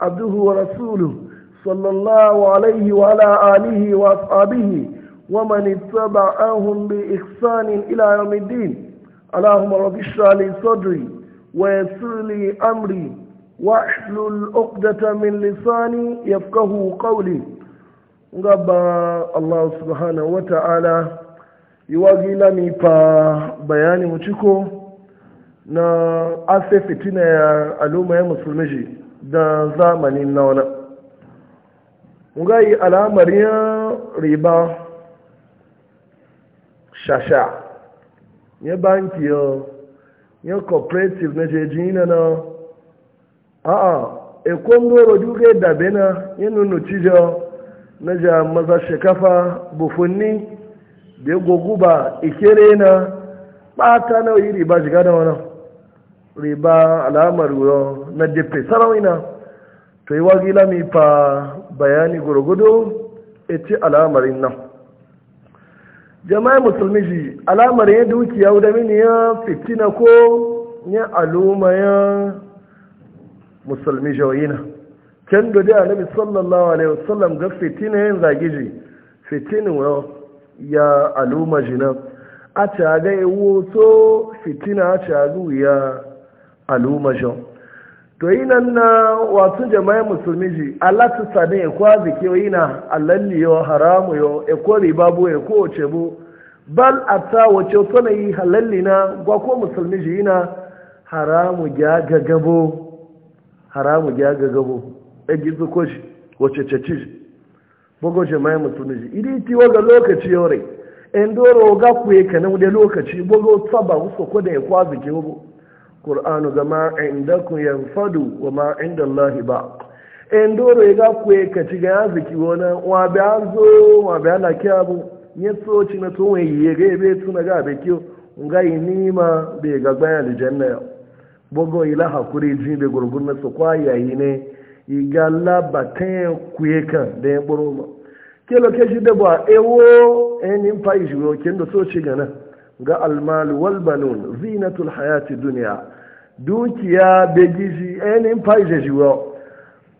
عبده ورسوله صلى الله عليه وعلى آله وأصحابه ومن اتبعهم بإحسان إلى يوم الدين اللهم رب اشرح لي صدري ويسر لي أمري واحلل عقدة من لساني يفقه قولي ngaba Allah سبحانه wa ta'ala لمي mipa bayani mu na afe fitina ya al'ummar musulmi shi da zamanin na wani al'amari al'amarin riba shasha ya banki ya cooperative na jejina na a'a ekon goro duka dabe na ya nuna cijo na ja maza shekafa bufunni da ya goguba ikere na ɓata na yi riba shiga da wani riba alamar yau na jefe sarawina to yi wagila mi fa bayani gurgudu iti alamarin nan jama'a musulmi shi alamar ya dukiya da mini ya fitina ko ya aluma ya musulmi shawina can dodi nabi sallallahu alaihi wasallam ga fitina yin zagiji fitinin ya aluma na. a caga iwo so fitina a cagu ya alumashin to yi nan na wasu jama'i musulmi ji allah su sani ya kwa zike yi na allalli yau haramu yau ya ko riba bu ya ko wace bu bal a ta wace sana yi halalli na gwa ko musulmi ji na haramu ya gagabo haramu ya gagabo ya e gizo ko shi wace ceci bugo jama'i musulmi ji idi ti waga lokaci yau rai endoro ga kuye kanan da lokaci bugo tsaba wasu ko da ya kwa zike bu ƙur'anu zama indaku yanfadu wa ma'in ba in doro ya ga kuwa ka ci ga yaziki wani wa biya zo wa biya na abu, ya tsoci na tun wani ya ga ebe tuna ga abe kiyo nga yi nima bai ga gbaya da janna ya bugu ila hakuri ji bai gurgun na su kwa yayi ne yi ga labatan kuye kan da ya buru ma ke lokaci da ba ewo enin fa'ishi yau kin da so ci gana ga almalu wal banun zinatul hayati duniya dukiya begisi ainihin faise shi wa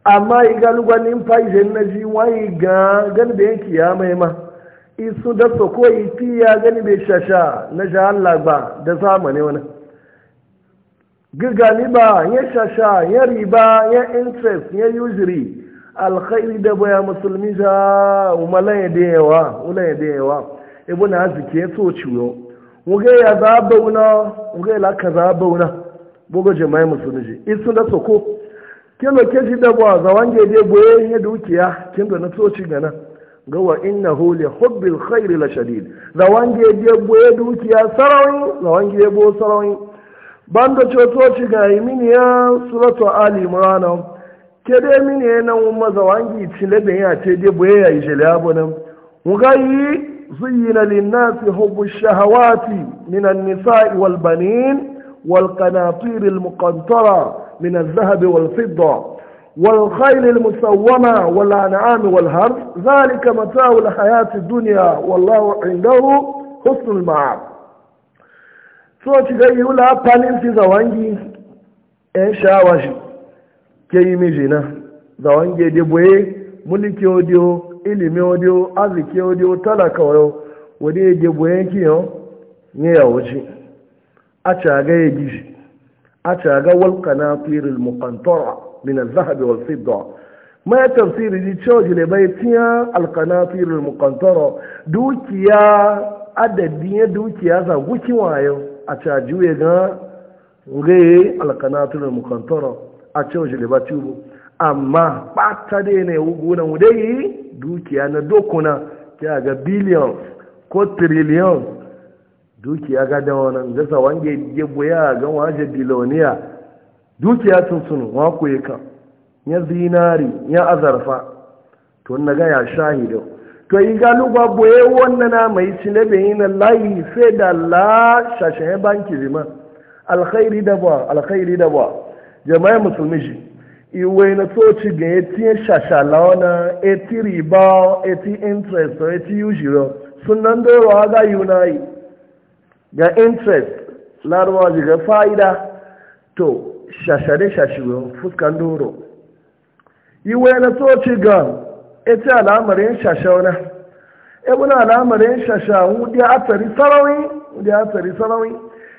amma igalugwanin faise na ji wani gani da yanki ya mai ma isu da soko iti ya gani bai shasha na sha Allah ba da zamani wani gigani ba ya shasha ya riba ya interest ya usury alkhairi da baya musulmi ja umalan ya dewa ulan ya dewa ibuna azike so ciwo wuge ya zabauna wuge la ka zabauna bugu mai musulmi ji isu da soko kelo ke shi da ba za wange dai boye ya dukiya kin da na soci gana ga wa innahu li hubbil khair la shadid za wange dai boye dukiya sarawin za wange dai boye sarawin bando cotoci ga mini ya suratu ali imran ke dai mini ya nan maza wangi cile da ya ce dai boye ya yi jele abunan yi zuyina linnasi hubbush shahawati minan nisa'i wal banin والقناطير المقنطرة من الذهب والفضة والخيل المسومة والأنعام والهرس ذلك متاع الحياة الدنيا والله عنده حسن المعاد soci zai yi wula falin fi zawangi ‘yan shawashi ke yi mijina zawange da boye mulki odiyo ilimi odiyo arziki odiyo talaka odiyo wadda ya je boye kiyo ne ya a caga ya gishi a caga walƙana firin mukantora min zahabi wal fidda ma tafsiri ji cewa jile bai tiya alƙana firin mukantora dukiya adadin dukiya za guki wayo a caju ya ga ngaye alƙana firin a cewa ba tubu amma ɓata dai ne wuguna wudai dukiya na dokuna ya ga biliyan ko triliyan dukiya ga da wannan gasa wange gebo ya ga waje biloniya dukiya tun sun wa ku ka? ya zinari ya azarfa to na ga ya shahido to yi ga lugwa boye wannan na mai cine bayin layi sai da la shashe banki zima alkhairi da ba alkhairi da ba jama'a musulmi shi iwe na toci ga eti shashala wana eti riba eti interest eti usual sunan doro ga yunayi ga interest larabawa ji ga fa'ida to shashare shashiwe fuskan doro iwe na soci ga ita al'amarin shashauna ebuna al'amarin shashawu da asari sarawi da asari sarawi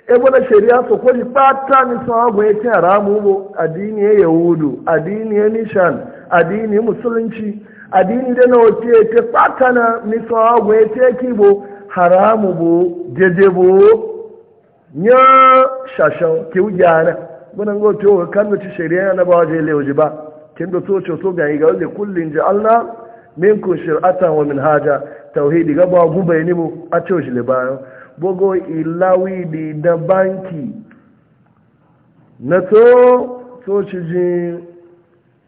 ebuna shari'a su kwaji fata ni sun agwa ya ce ramu bu adini ya yahudu adini ya nishan adini musulunci adini da na wace ya ce fata na ni sun agwa ya ce kibo haramu bu jeje bu nya shashan ke wujana bunan go to kan ci shari'a na ba je le ba kin do to so ga ga le kullin ja'alna minkum shir'atan wa minhaja tauhidi ga ba gun ni mu a ce shi le ba ilawi di da banki na to to ci jin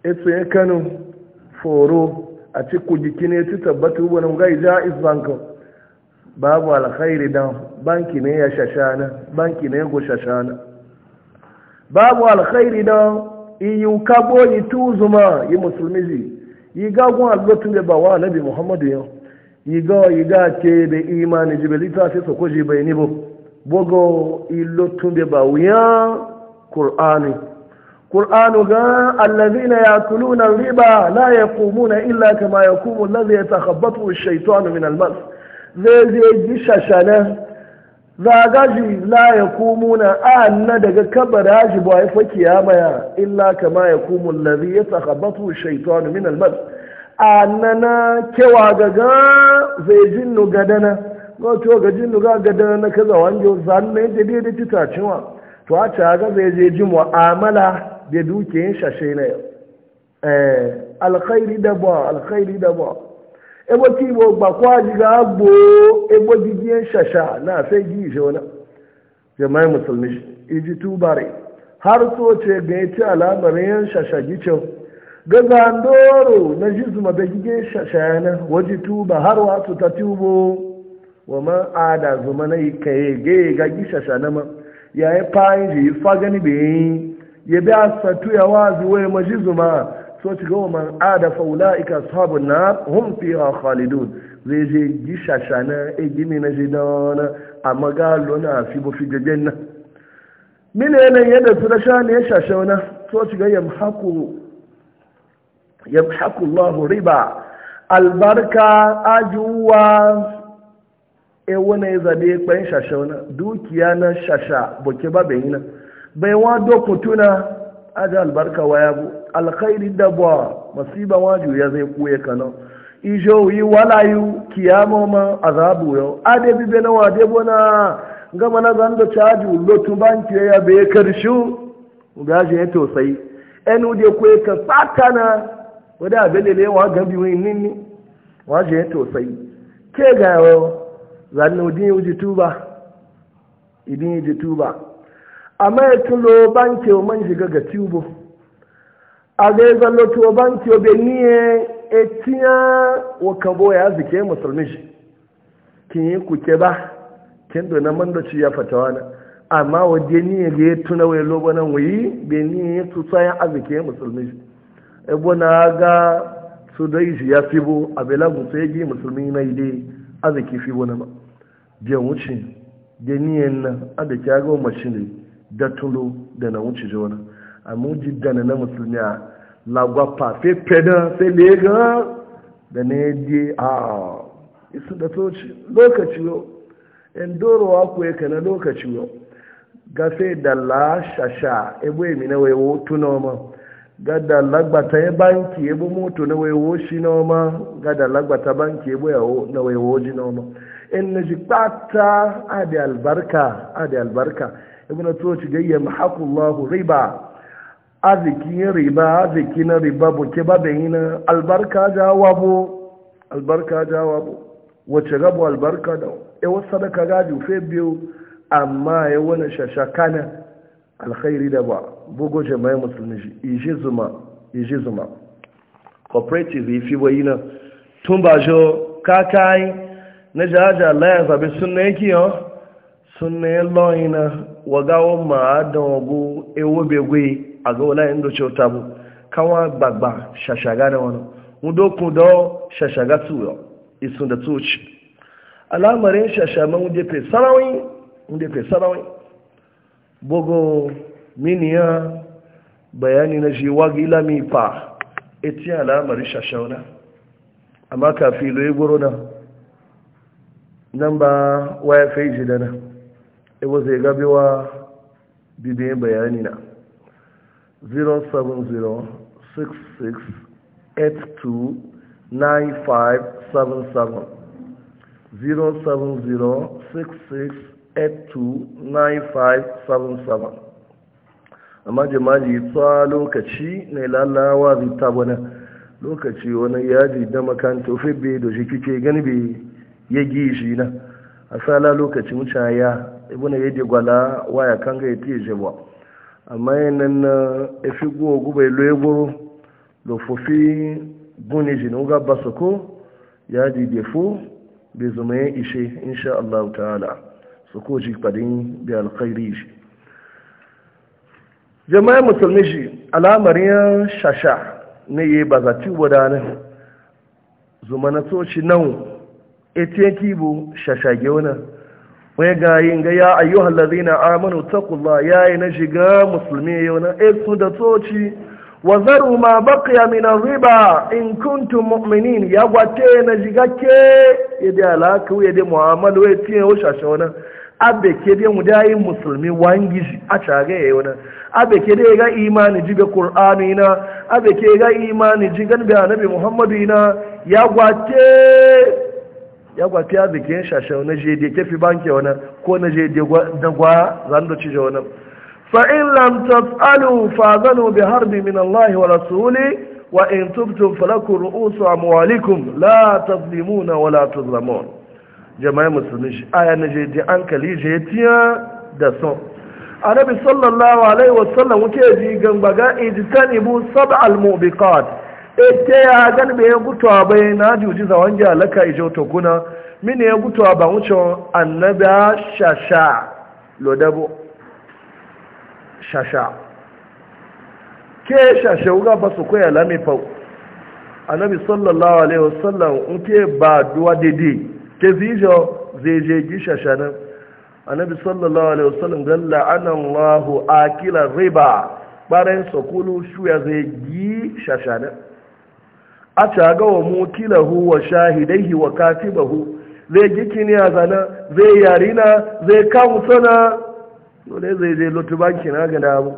ya kanu foro a cikin ya ta tabbata wani ga ja is bankin babu alkhairi dan banki ne ya shashana banki ne go shashana babu alkhairi dan iyu kabo tuzuma yi musulmi ji yi gagun albatu ba bawa nabi muhammadu yau yi ga yi ga ke da imani ji bai ta ce soko ji bai bo bogo ilotun ba wuya qur'ani qur'anu ga allazina yakuluna riba la yaqumuna illa kama yaqumu allazi yatakhabbathu ash-shaytanu min al-mas zai zai ji shashana gaji la ya kumuna an na daga kabara shi ba ya fa kiyama ya illa kama ya kumu lazi ya sahabatu shaitanu min almas an na na kewa gaga zai jin nugadana ga to ga jinnu ga na kaza wanjo zan ne da dai da to a ci ga zai je ji mu'amala da yin shashe na yau eh, alkhairi da ba alkhairi da ba ebo ki bo gba kwa ji ga gbo ebo shasha na sai ji shi wani jama'i musulmi iji tubare har so ce ga ya ci alamarin yan shasha gicin gaza ndoro na jizuma zuma da gige shasha yana waji tuba har wasu ta tubo wa ma ada zuma na yi kaye ga ga gi shasha na ma ya yi fayin ji fagani bai ya bi a satu ya wazi wai maji zuma so ci gawa man ada faula'ika sabon na hun fiha khalidun zai je gishasha na e gimi na je da wani a magalo na fi bufi gajen na mine yanayin yadda su da sha ne ya shasha wani so ci ga yamhaku allahu riba albarka ajuwa e wani zabe kwan shasha wani dukiya na shasha buke ba yi na bai wa dokutuna aji albarka waya bu alkhairi dabwa masiba waju ya zai kuye kana ijo yi walayu yu kiyama ma azabu yo ade bibe na wade de bona ngama na zando chaju lotu banki ya be karshu ugaje ya tosai enu de kuye ka satana wada bele le wa gabi wi ninni waje ya tosai ke ga zanno din uji tuba idin uji tuba amma ya tulo banki man shiga ga tubo lotu wa banki obe niye etiya wakabo ya zike musulmi shi kin yi kuke ba kin dona mandoci ya fatawa na amma wadda niye ga ya tuna wai lobo nan wuyi be niye ya ya azike musulmi shi ebo na ga su dai shi ya fibo a belagun sai gi musulmi na ide azike fibo na ma biyan wuce da na nan adake ya ga mashini da tulo da na wuce jona amma na na musulmi a lagwapa fe pena fe lega da ne di a isu da toci lokaci yau in dorowa ku yake e na lokaci yau gafe da la shasha ebo emi na wewo na ma ga da lagbata ya e banki ebo moto na wewo shi na ma ga da lagbata banki ebo yawo na wewo ji na ma in e na ji kpata adi albarka adi albarka ebo na toci gayya hakullahu riba azikin riba aziki na riba buke babayi na albarka jawabo albarka jawabo wace rabu albarka da yawan e, sadaka gaji fe biyu amma ya e, wani shashakana alkhairi da ba bugu jama'i musulmi shi iji zuma iji zuma cooperative ifi yi na tun ba jo kakai na jaja Allah ya zabi sunna yake yau sunna ya lo'ina wagawo ma da wago ewo a ga wala yin doce ta bu kawa gbagba shashaga na wani mudoku da shashaga tuyo isun da tuci alamarin shashama wunde fe sarawin wunde fe sarawin bogo miniya bayani na shi wagi lami fa eti alamarin shashauna amma kafi lo yi goro na nan ba waya fai jidana ebo zai gabewa bibiyan bayani na 070-6682-9577 070 6682 amma lokaci na lalawa zita wani lokaci wani yaji da makanta ofe bai da shi kike gani bai ya gishi na asala lokaci mutane ya ibuna di gwala waya kan ga ti je ba amma yanan na efi go guba ilo egoro lo fofi gune jin uga basoko ya di defo be zuma ya ishe insha Allah ta'ala su ko ji padin bi alkhairi jama'a musulmi shi al'amarin shasha ne yi ba za ci zuma na soci nan etiyan bu shashage wani wai ga yin ga ya ayyuhal ladina amanu ya yayi na shiga musulmi yau na esu da toci wa zaru ma baqiya min riba in kuntum mu'minin ya gwate na shiga ke yadda alaka ya da mu'amalu wai tiye wa shashona abe ke dai mu dai musulmi wangi a tage yayi wannan abe ke dai ga imani jiga qur'ani na abe ke ga imani jigan bi annabi muhammadu na ya gwate ya gwa fiya zikin shashe na jede kefi banki wani ko na jede da gwa zando cije wani fa'in lam tas'alu fa zanu bi harbi min Allah wa rasuli wa in tubtum falakum ru'usu amwalikum la tazlimuna wa la tuzlamun jama'a musulmi aya na jede an kali jetiya da son annabi sallallahu alaihi wasallam wuke ji gambaga ijtanibu sab'al mubiqat ete ya gan be gutwa bai na juji za wange alaka ijo to kuna mini ya gutwa ba wucho annabi shasha lodabo shasha ke shasha uga ba su koya lami fa annabi sallallahu alaihi wasallam ke ba duwa dede ke zijo zeje gi shasha nan annabi sallallahu alaihi wasallam gan la'ana Allahu akila riba barin sokulu shuya zai gi shasha nan a caga wa mutilahu wa shahidaihi wa katibahu zai ni a zana zai na zai kawo sana dole zai zai lotu banki na gada abu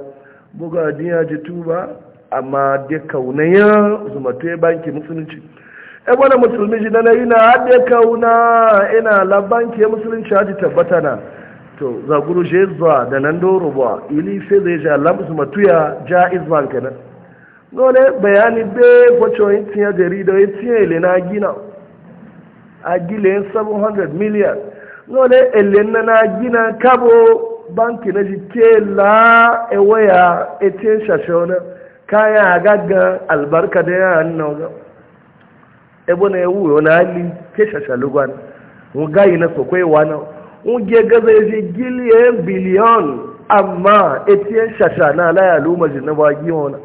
buga jiya ji tuba amma da ya, zuma ya banki musulunci e wani musulmi ji dana yi na haɗe kauna ina labanki ya musulunci haji tabbata na to zaguru je zuwa da nan doro ba ili sai zai ja lamsu matuya ja izban kenan dole bayani be bocoyin tiya jarida ya etinye ile na gina a gilen 700 miliyan dole ele na na gina kabo banki na jike la ewaya etin shashona kaya a gaggan albarka da ya hannu na ebo na ewu yo na ali ke shashalugwan wugayi na sokwai wana wuge gaza ya ji giliyan biliyon amma etin shashana la ya luma jinaba giwona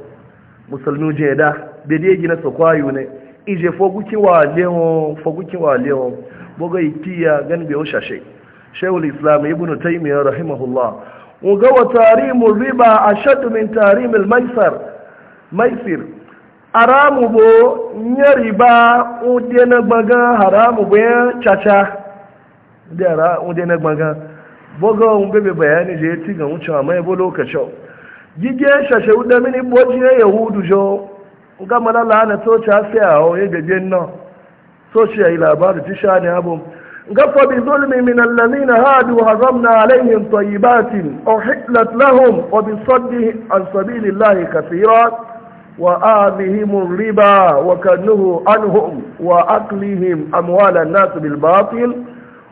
musulmi je da bai gina su kwayo ne ije foguki wa lewon foguki wa lewon boga ikiya gan bai shashe shaykhul islam ibnu taymiyyah rahimahullah uga wa tarimu riba ashad min tarim al maisar maisir aramu bo nya riba ude na gbaga haramu bo chacha dara ude na gbaga boga un bebe bayani je tiga wuce mai bo lokacin gige ṣẹ̀ṣẹ̀ wúdẹ́ mi ní bójú yahudu jọ nga mọ́lá lánà tó ṣe àfẹ́ àwọn ẹgbẹ̀gbẹ̀ náà tó ṣe ìlàbáàdù tí ṣáà ní abọ́ nga fọ́bi zulmi min alladhina hadu haramna alaihim tayyibatin uhillat lahum wa bi saddihi an sabilillahi kathira wa amihim riba wa kanuhu anhum wa aqlihim amwala an-nas bil batil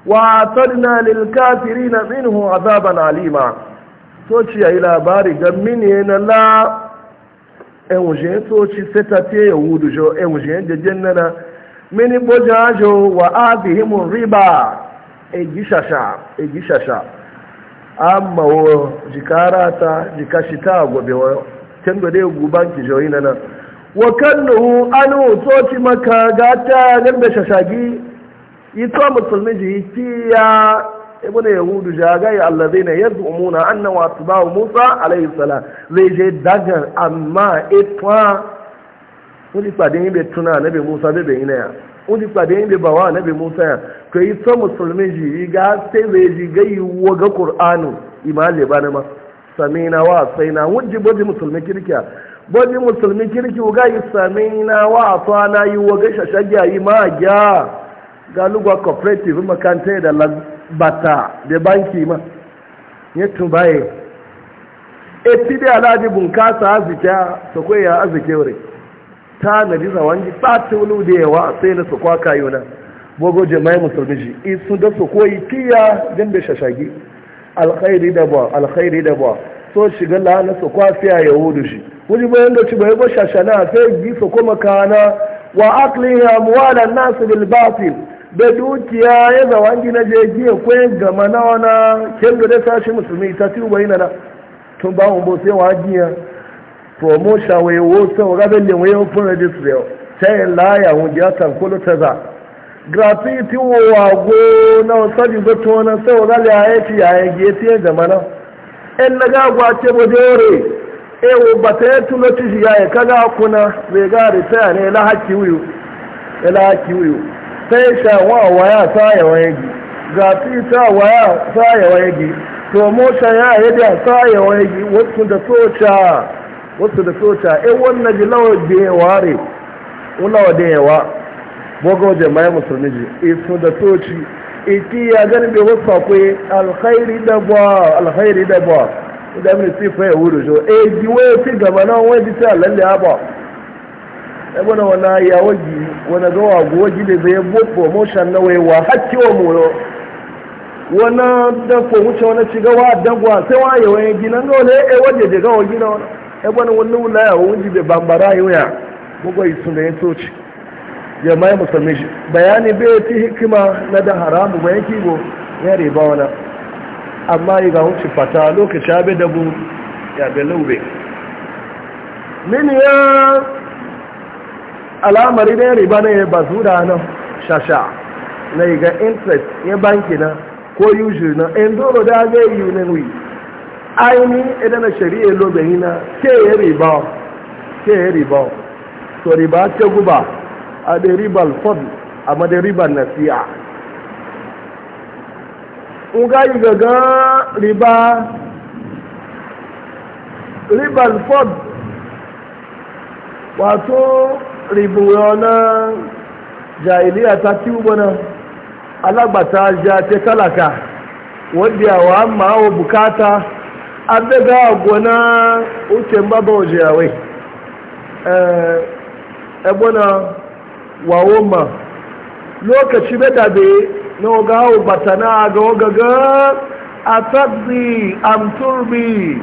wa atadna lil kafirin minhu adhaban alima soci ya yi labari ga mini na la enwujen soci seta ya wudu jo enwujen jejen nana mini boja jo wa azihimun riba egishasha egishasha amma wo jikara ta jikashi ta gobe wa can gode guban ki jo nana wa kannu anu soci maka gata nan da shashagi ito musulmi ji tiya ibn yahudu jagaye allazina yazumuna anna wa tabu musa alayhi salam zai je daga amma etwa wani pade yin be tuna nabi musa be be ina ya wani pade yin be bawa nabi musa ya to yi sa musulmi ji ga sai zai ji gai waga qur'anu imale bana ma samina wa saina wujji boji musulmi kirkiya boji musulmi kirki ga yi samina wa atana yi waga shashagya yi ma ga ga lugwa cooperative makanta da lagu bata da banki ma ya tubaye eti da alaji bunkasa azike to ko ya azike wuri ta na riza wangi ta wani da yawa sai na su kwaka yona bogo jama'i musulmi shi isu da su koyi tiya don da shashagi alkhairi da ba alkhairi da ba so shiga lana su kwafiya ya wudu shi wani bayan da ci bai ba shashana sai bi su kuma kana wa aklin ya muwalan nasu bil batil da dukiya ya zawa gina je giya kwaye gama na wana kendo da sashi musulmi ta tuba yi na tun ba mu bose wa giya promotion wa yawo sau rabin da wayo fun registrar ta yin laya hun ta kulu ta za gratuity wa wago na wasabi zato na a ya ci yayin giya ta yin gama na in ewu e ba ta yi ci kaga kuna zai sai shawa waya sa ya waye gi zafi sa waya sa ya waye gi promotion ya yi da sa ya waye gi wasu da soca wasu da soca e wannan ji lawa da ya ware ulawa da ya wa bogo jama'a musulmi ji isu da soci iti ya gani bai wasu akwai alkhairi da ba alkhairi da ba idan mai sifa ya wuri jo e ji waye fi gaba nan waye ji ta lalle ba ebe na wani ya wagi wani gawa gogi da zai bo promotion na waiwa hakki wa moyo wani dan fomuce wani ci gawa dagwa sai wa yawa ya gina ga wani ya e waje da gawa gina wani ebe na wani wula ya wani da bambara yau ya bugwai su da ya toci jama'i musulmi shi bayani bai ti hikima na da haramu bayan kigo ya riba wani amma yi ga wuce fata lokaci abe dabu ya laube. min ya al'amari ne riba na ya bazu da nan shasha na ga interest ya banki na ko usury na in doro da zai yi ne wi aini idan na shari'a lobe na ke ya riba ke ya riba to riba ta guba a da ribal fadl a da ribal nasi'a uga yi gaga riba ribal fadl wato ribuyona jahiliya ta tubana alagbata ja ta talaka wadda wa ma wa bukata an daga gona uce baba waje yawai ebona wawo ma lokaci beta be na oga hau batana ga ogaga a tabbi am turbi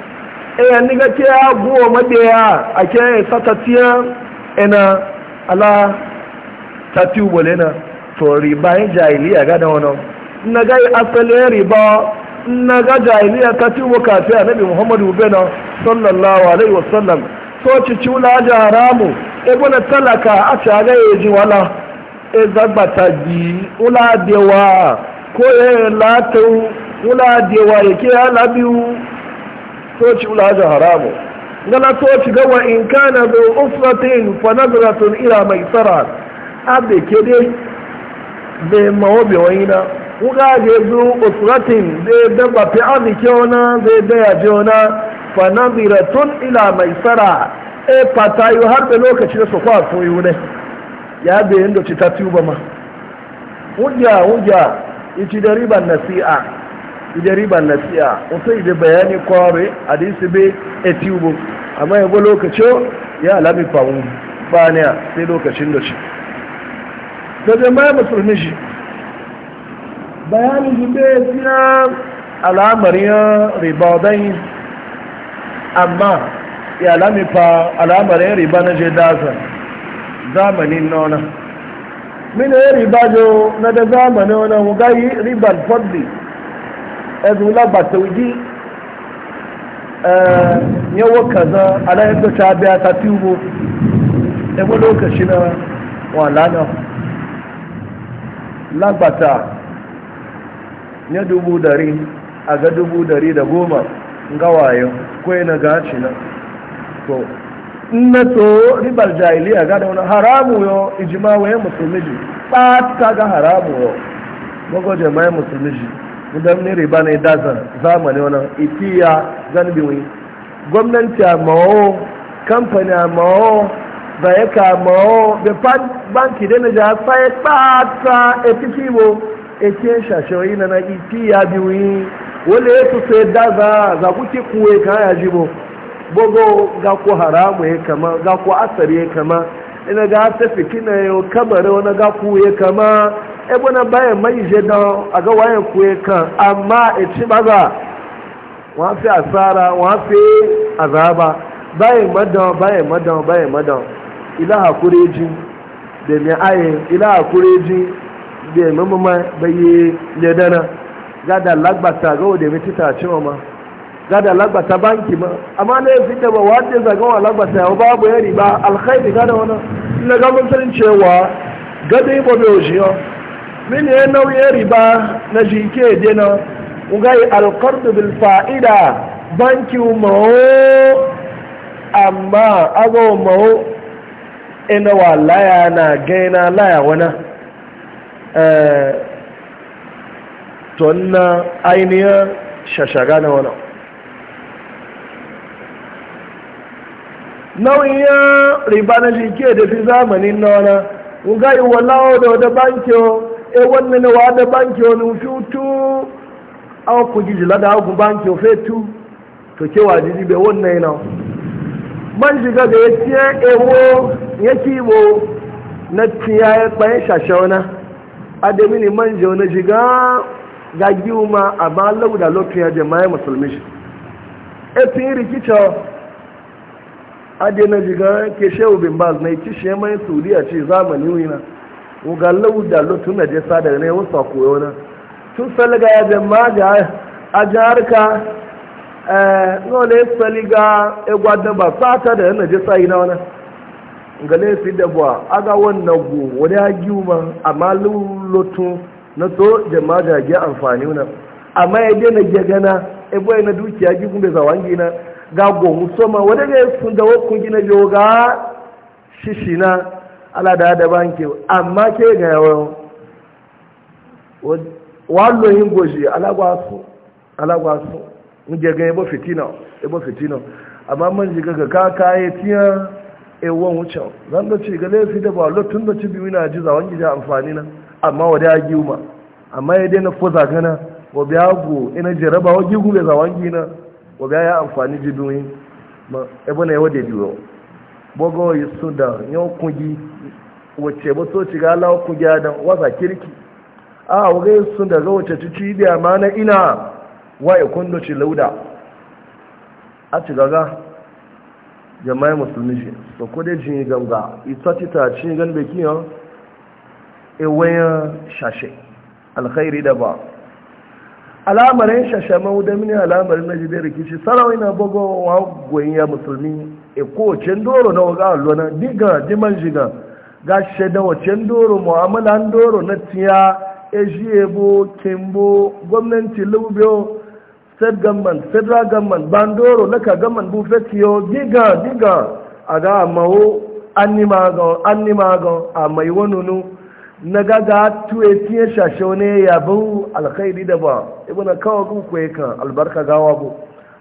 e ni ga ke ya buwa madaya a ke satatiya ina ala tatiu bolena to riba yin jahiliya ga da wani na ga asalin riba na ga jahiliya ta ci wuka a nabi muhammadu bena sallallahu alaihi wasallam so ci cula ja haramu e talaka a ci aga ya ji wala e zagbata ji ula dewa ko ya latu ula dewa ya e ke ya labiyu toci ulajen haramu gana toci gawa in kana da usratin fanazratun ila mai tsara abe ke dai bai mawabe wani na wuga da zu usratin zai daba fi arziki wani zai daya je wani fanazratun ila mai tsara e fatayu har da lokaci da su kwa soyu ne ya bayan da ci ta tuba ma wujja wujja ichi da riban ide riba siya wasu ide bayani kware hadisi be etiubu amma yabo lokacin ya alami famu baniya sai lokacin da shi da jama'a musulmi shi bayanin jube fiya al'amarin riba don amma ya alami fa al'amarin riba na je dasa zamanin nona mini riba jo na da zamanin wani wugayi riban fadli ẹ̀dùn lágbàtà òjì yẹ́wọ́ kàzá aláyẹ́gbẹ̀ta abẹ́ àtàtì wo ẹgbẹ́ lókàṣí náà wà lánàá lágbàtà na wala na dubu dari a ga dubu dari da goma gawayen kwai na gaci na to na to ribar jahiliya ga da wani haramu yau yo ijimawayen musulmi ji ɓata ga haramu yau, magwajen mayan musulmi ji gudan ne riba ne dazan zamani wani ifiya zanbiwi gwamnati a mawo kamfani a mawo da ya ka mawo da fan banki da na ja faye kpata etiti bo eke shashewayi na na ifiya biwi wale ya tuso daza za ku kuke kuwe ka ya ji bo bogo ga ku haramu ya e kama ga ku asari ya e kama ina ga ta fitina yau kamar wani ga ku ya kama ebe na bayan mai je don a ga wayan kuwa kan amma e ci maza wọn fi asara wọn fi azaba bayan madan bayan madan bayan madan ila hakuri ji da mai aye ila hakuri ji da mamama bayi ledana gada lagbata ga wadda mai tita cewa ma gada lagbata banki ma amma na yafi da ba wadda zagawa lagbata yawa babu ya riba alkhairi gada wani na gamin sanin cewa gada yi ba mai ojiyo mini ya nauyin riba na jike dina ugai alkardu bil fa'ida banki mawo amma ago mawo ina e wa laya na gaina laya wana e, tonna ainihin shashaga na wana nauyin riba na jike da fi zamanin na wana ugai walawo da wada banki e wannan na wada banki wani fitu an ku ji jila da hagu banki o fetu to ke wa jiji bai wannan yana man shiga da ya tiye ewo ya kibo na tiya ya bayan shashauna adami ne man jiyo e, na shiga ga giwuma a ba lauda lokacin ya jama'a musulmi shi efin rikicewa adina jiga ke shehu bin baz mai kishe mai saudiya ce zamani wina ga lauda lotun na jesa daga ne wasu koyo na tun saliga ya jama a jiharka ka eh, nole saliga egwa da ba ta daga na jesa yi na wani ga laifi da ba a ga wannan gu wani ya giwu ma amma lotun na so jama ga gi amfani wani amma ya daina gagana ebo na dukiya gi kuma zawangi na ga gomu soma wani ga sun da wakun gina biyo ga shishina ala da da banki amma ke ga yawo wallo yin goji alagwasu alagwasu nje ga yabo fitina yabo fitina amma man ji ga ka kaye tiya e won wucin zan da ci ga lefi da ba lotun da ci biyu na ji zawon gida amfani na amma wadda ya giuma amma ya na fuza gana wa biya go ina jaraba wa gigu be zawon gina wa biya ya amfani ji duniya ma ebo ne wade biyo bogo yi su da yau kungi wace ba so ci gala kungi dan wasa kirki a wuga yi su da ga wace ci ci ma na ina wa ya kundu ci lauda a ci gaga jama'i musulmi shi so ko dai jin ganga ita ci ta ci gan beki yan ewayan shashe alkhairi da ba alamarin shashe mawuda mini alamarin na jide rikici sarawai na bogo wa ya musulmi e ko doro na waga lona diga diman jiga ga sheda wacin doro mu'amalan doro na tiya e jiebo kimbo gwamnati lubio state government federal government bandoro laka government bu fetiyo diga diga aga mawo anima ga anima ga amai wonunu na gaga tuwe tiye shashe ne yabo alkhairi da ba ibn kawo ku kan albarka gawa bu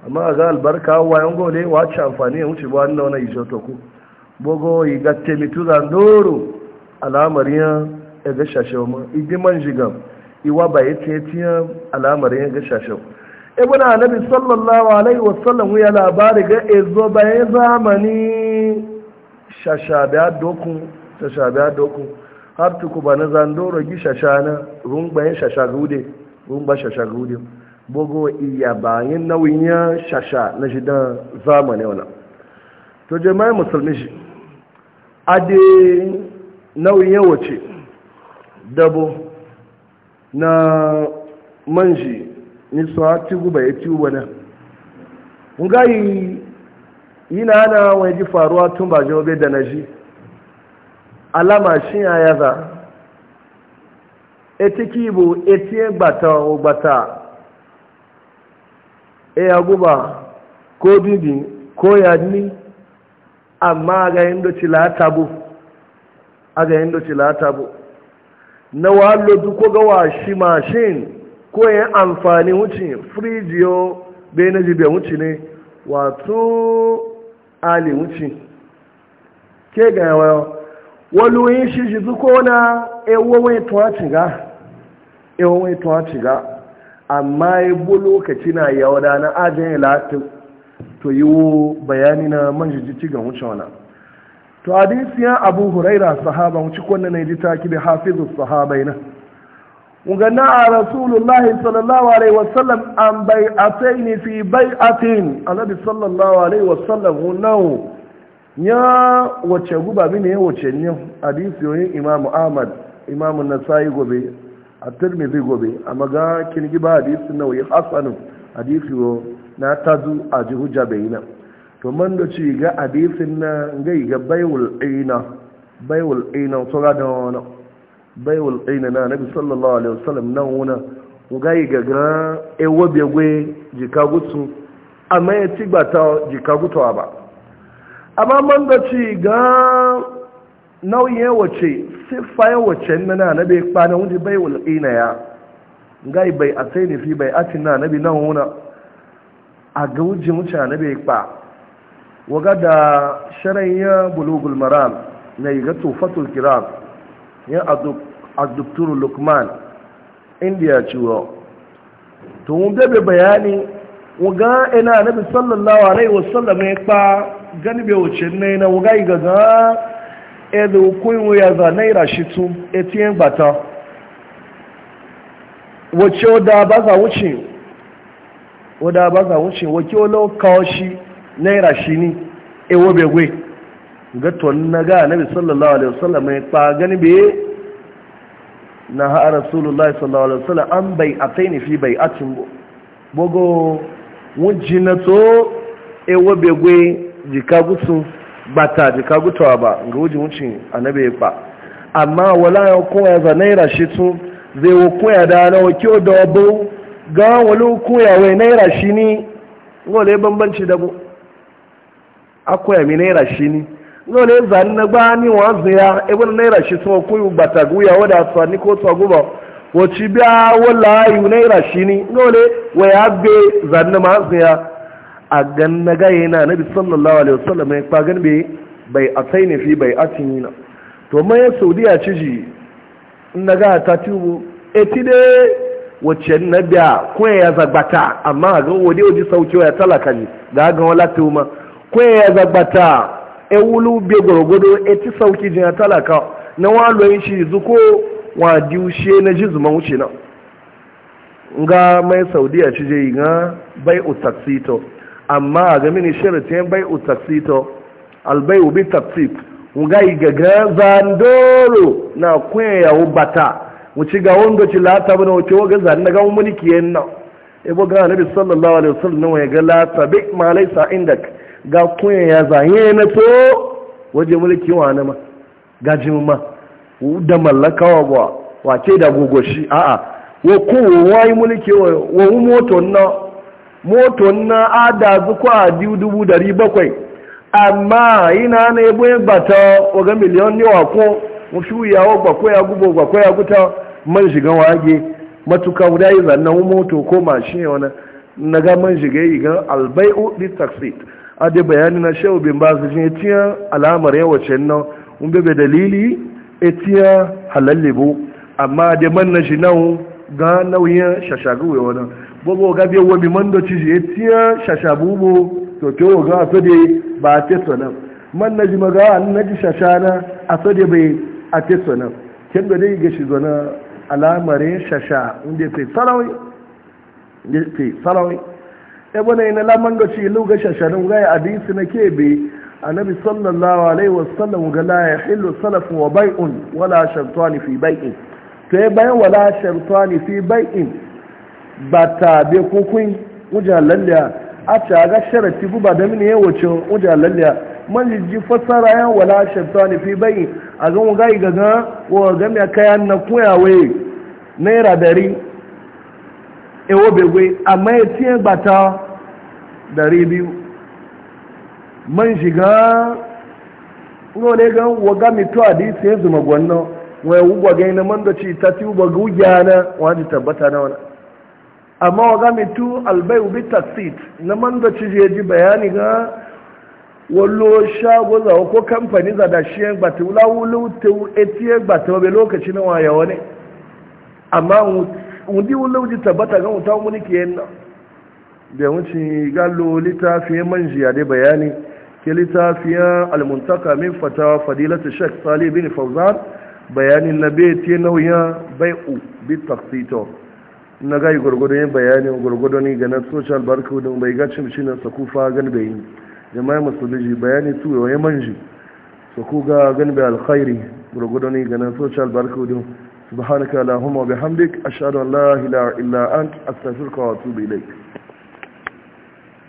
amma a ga albarka wayan gole wace amfani ya wuce ba wannan wani toku bogo yi ga temitu doro al'amari ya ga shashewa ma idi man jigam iwa ba ya tetiyan al'amari ya ga shashewa ibn anabi sallallahu alaihi wasallam ya labari ga ezo bayan zamani shashabiya dokun shashabiya dokun har tuku ba na zandoro gi shashana rungbayin shashagude rungba shashagude bogo iya bayan nauyin ya shasha na shidan zamani wani to jama'i musulmi shi ade nauyin ya wace dabo na manji ni so hati guba ya tiwo na ngayi yana ana wani ji faruwa tun ba jawabe da na ji alama shi ya yaza etiki bu etiye gbata gbata e ya guba ko bibi ko yanni amma a ga yin doci latabu a ga yin latabu na wa duko ga washi mashin ko yin amfani wuce frijiyo bai na jibe wuce ne wato ali wuce ke ga yawa walu yin shi dukọ na ewowai tuwa ciga ewowai tuwa ciga amma ya bu lokaci na yawa da na ajin ya latin to yi wo bayani na manjijici ga wuce wana to hadisi ya abu huraira sahaba wuce kwanne na ji taki da hafizu sahaba ina ugana a rasulullahi sallallahu alaihi wasallam an bai atai ne fi bai atin alabi sallallahu alaihi wasallam hunawo ya wace guba mini ya wace ne hadisi yoyin imamu ahmad imamu Nasayi gobe a turmizi gobe a maga kirgi ba hadisi na wuyi hasanin hadisi wo na tazu a ji hujja bai na to man da ci ga hadisin na gai ga baiwul aina baiwul aina so ga da wani baiwul aina na nabi sallallahu alaihi wasallam nan wuna gai ga ga ewo begwe jika gutsu amma ya ci gbata jika ba amma man da ci ga nauyin wace siffa wace nana na bai na wuce bai wulƙina ya gai bai a sai nufi bai a cin na nabi nan wuna a ga wujin wuce na bai kpa waga da sharanya bulugul maram na yi ga tufatul kiram ya addukturu lukman indiya ciwo to mun bebe bayani waga ina nabi sallallahu alaihi wasallam ya kpa gani bai wuce na yana waga yi ga ẹ̀dùn kún ìwé ẹ̀zà náírà ṣìtú etí ẹ̀ ń gbàtà wòkí ó dá abáza wúchin ó dá abáza wúchin wòkí ó ló ka ọ ṣí náírà ṣí ní ewó gẹ́tọ̀ na ha rasulullahi sallallahu alaihi an bai ataini fi bai atin bogo wujina to ewó bẹ̀gbẹ̀ jikagusun ba ta ji gutawa ba ga wuji wuce bai ba amma wala ya koya za naira shi tun zai wa koya da na wakil da wabo ga wani koya wai naira shi ni wale bambanci da bu a mi naira shi ni wale zani na gba ni wa ziya ibn naira shi tun ba ta guya ni guba ya a gan na gaye na nabi sallallahu alaihi wasallam ya kwagan bai bai atai ne fi bai atin yi na to mai saudiya ci ji na ga ta tubu eti de wacce na biya ko ya zagbata amma ga wode wode saukewa ya talaka ne ga ga wala tuma ko ya zagbata e wulu be gorogodo ti e sauki jin ya talaka na walo shi zuko wa diushe na ji zuma wuce na nga mai saudiya ci je nga bai utaksito amma ga mini shirce bai u taksito albai u bi taksit yi gaga zandoro na kwaya u bata ci ga wanda ci lata bana wuce wa gaza na ga mulki yanna ibo ga nabi sallallahu alaihi wasallam ya ga lata bi ma laisa inda ga kwaya ya zanye na to waje mulki wa na ma gajin ma da mallaka wa ce wace da gogoshi a'a wa kowa wai mulki wa moto na moto na ada zukwa biyu dubu dari bakwai amma ina na ebo bata oga miliyon ne wa ko mushu ya wa gwakwa ya gubo gbakwa ya guta man shiga wage matuka guda yi zannan moto ko mashin wani na ga man shiga yi ga albai di taxid a da bayani na shehu bin basu jin tiya alamar yawace nan un bebe dalili etiya halallibu amma da man na shi nan ga nauyin shashagu wani bobo ga bi wo mi mando ci je tiya shashabubu to ke wo ga to de ba te sona man naji maga an shasha shashana a to de bai a te nan. ken da dai ga shi zona alamare shasha inda te sarawi inda te sarawi e bona ina la mando ci lu ga shashana ga hadisi na ke bi annabi sallallahu alaihi wasallam ga la yahillu salafu wa bai'un wala shartani fi bai'in to bayan wala shartani fi bai'in ba ta be kukun wujan lalliya a ta ga sharafi guba da mini yawace wujan lalliya man ji fassara yan wala shaitani fi bayi a ga mu gai gaga wa ga mi kaya na kuyawe naira dari ewo begwe amma ya tiye bata dari biyu man shiga ngole ga wa ga mi to hadisi yanzu magwanno wa ya ugwa ga ina man da ci ta ti ugwa ga ugya na wani tabbata na wani amma wa gami tu albai ubi tasit na man da ci je ji bayani ga wallo shago za ko kamfani za da shi ba ta wula wulu ta eti ba ta wabe lokaci na waya wani amma wundi wula ji tabbata ga wuta mulki yan na da wuce gallo man manjiya dai bayani ke littafiyan almuntaka min fatawa fadilatu shek salih bin fauzan bayanin na bai te nauyin bai'u bi taksitor na gai gwargwado yin bayanin gwargwado ne ga na social barco don bai gacin shi na saku fa gan bai yi jama'a musulunci bayani su yawai manji saku ga gan bai alkhairi gwargwado ne ga na social barco don subhanaka allahumma bihamdik ashhadu an la ilaha illa ant astaghfiruka wa atubu ilaik